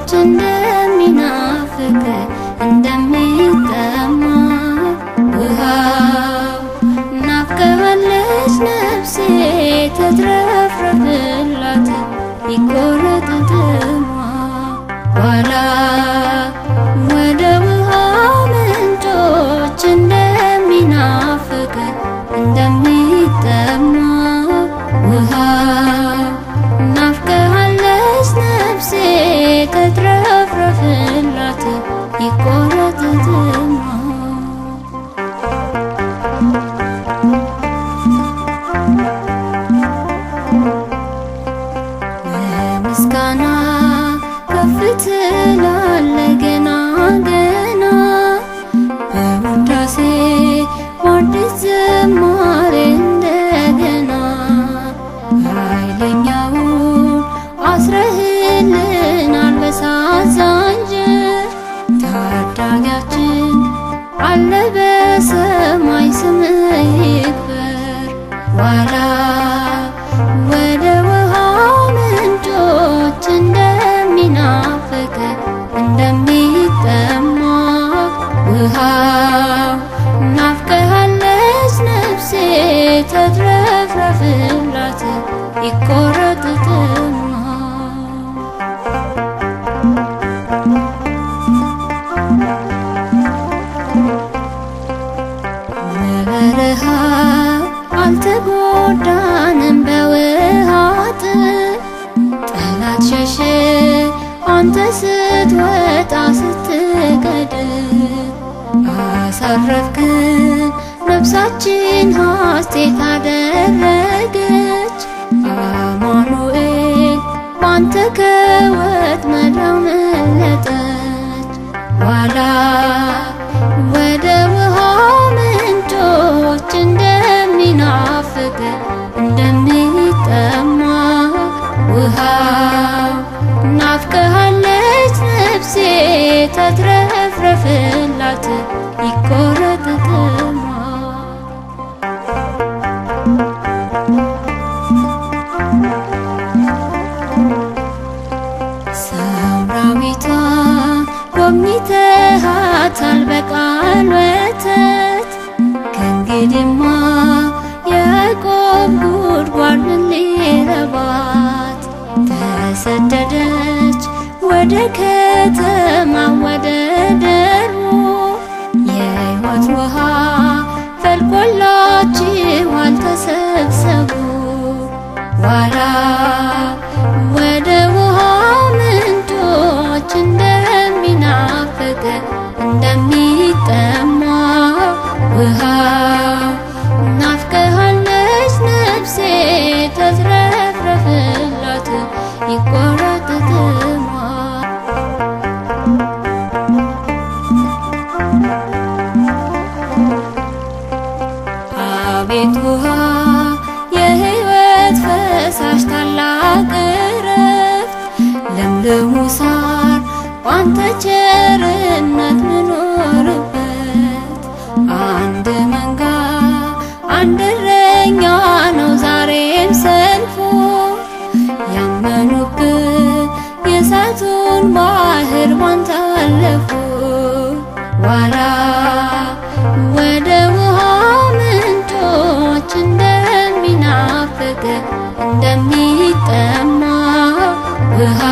ልባች እንደሚናፍቅ እንደሚጠማ ውሃው ናፍቀዋለች ነፍሴ ተትረፍረፍላት ይቆረጥ ኋላ ወደ ውሃ ምንጮች እንደሚናፍቅ እንደሚ ምስጋና ከፍ ትላለ ገና ገና በውዳሴ በአዲስ ዝማሬ እንደገና ኃይለኛውን አስረህልናል በሳት ዛንጅር ታዳጊያችን አለ በሰማይ ስምህ ይክበር ይቆረጥጥና በበረሃ አልተጎዳንም በውሃ ጥም አንተ ነፍሳችን ሐሴት አደረግን ካንተ ከወጥመዷ መለጠች ኋላ ወደ ውሃ ምንጮች እንደሚናፍቅ እንደሚጠማ ውሃው ናፍቀሃለች ነፍሴ ተትረፍረፍን ዳዊቷ ጎብኝተሃታል በቃል ወተት ከእንግዲማ የያዕቆብ ጉድጓድ ምን ሊረባት ተሰደደች ወደ ከተማ ወደ ደሩ የሕይወት ውሃ ፈልቆላችኋል ተሰብሰቡ ዋላ ወደ ውሃ ሰዎች እንደሚናፍቅ እንደሚጠማ ውሃ ናፍቀሃለች ነፍሴ ተዝረፍረፍላት ይቆረጥ ጥሟ አቤት ውሃ ያንተ ቸርነት ምኖርበት አንድ መንጋ አንድ እረኛ ነው ዛሬም ሰልፎ ያመኑብህ የእሳቱን ባህር ባንተ አለፉ ዋላ ወደ ውሃ ምንጮች እንደሚናፍቅ እንደሚጠማ ውሃ